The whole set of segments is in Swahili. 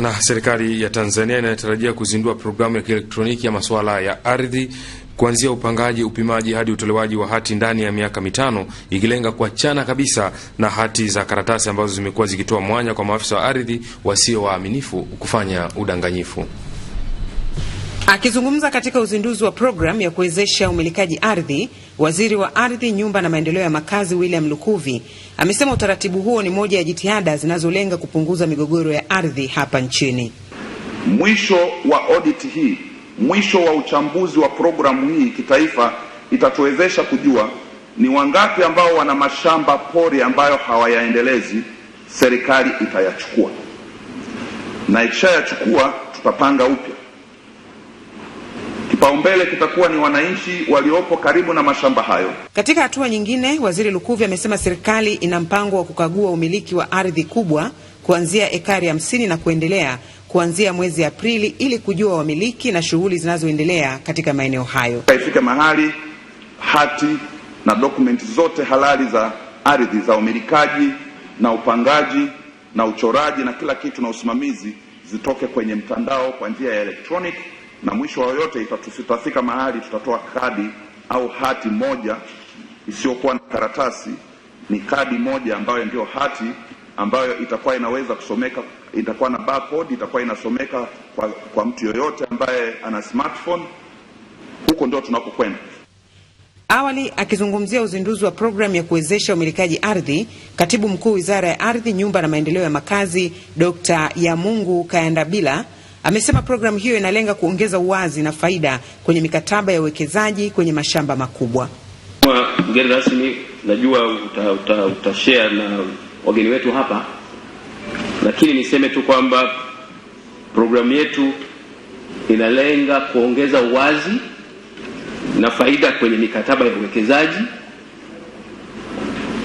Na serikali ya Tanzania inatarajia kuzindua programu ya kielektroniki ya masuala ya ardhi kuanzia upangaji, upimaji hadi utolewaji wa hati ndani ya miaka mitano, ikilenga kuachana kabisa na hati za karatasi ambazo zimekuwa zikitoa mwanya kwa maafisa wa ardhi wasio waaminifu kufanya udanganyifu. Akizungumza katika uzinduzi wa programu ya kuwezesha umilikaji ardhi, waziri wa ardhi, nyumba na maendeleo ya makazi William Lukuvi amesema utaratibu huo ni moja ya jitihada zinazolenga kupunguza migogoro ya ardhi hapa nchini. Mwisho wa audit hii, mwisho wa uchambuzi wa programu hii kitaifa, itatuwezesha kujua ni wangapi ambao wana mashamba pori ambayo hawayaendelezi, serikali itayachukua na ikishayachukua tutapanga upya. Kipaumbele kitakuwa ni wananchi waliopo karibu na mashamba hayo. Katika hatua nyingine, Waziri Lukuvi amesema serikali ina mpango wa kukagua umiliki wa ardhi kubwa kuanzia ekari hamsini na kuendelea kuanzia mwezi Aprili ili kujua wamiliki na shughuli zinazoendelea katika maeneo hayo. Ifike mahali hati na dokumenti zote halali za ardhi za umilikaji na upangaji na uchoraji na kila kitu na usimamizi zitoke kwenye mtandao kwa njia ya elektroniki na mwisho wa yote itatufika mahali tutatoa kadi au hati moja isiyokuwa na karatasi. Ni kadi moja ambayo ndio hati ambayo itakuwa inaweza kusomeka, itakuwa na barcode, itakuwa inasomeka kwa, kwa mtu yoyote ambaye ana smartphone. Huko ndio tunakokwenda. Awali akizungumzia uzinduzi wa programu ya kuwezesha umilikaji ardhi, katibu mkuu wizara ya ardhi, nyumba na maendeleo ya makazi, Dr. Yamungu Kayandabila Amesema programu hiyo inalenga kuongeza uwazi na faida kwenye mikataba ya uwekezaji kwenye mashamba makubwa. Mgeni rasmi, najua utashare uta, uta na wageni wetu hapa, lakini niseme tu kwamba programu yetu inalenga kuongeza uwazi na faida kwenye mikataba ya uwekezaji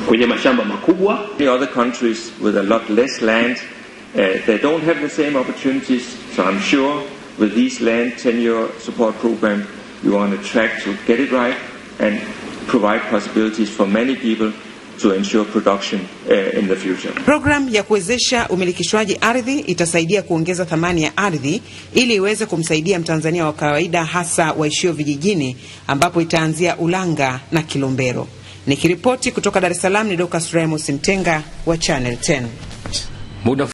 kwenye mashamba makubwa. The other countries with a lot less land, uh, they don't have the same opportunities So I'm sure with these land tenure support program, you are on a track to get it right and provide possibilities for many people to ensure production, uh, in the future. Program ya kuwezesha umilikishwaji ardhi itasaidia kuongeza thamani ya ardhi ili iweze kumsaidia Mtanzania wa kawaida hasa waishio vijijini ambapo itaanzia Ulanga na Kilombero. Nikiripoti kutoka Dar es Salaam ni Dr. Remus Mtenga wa Channel 10. Muda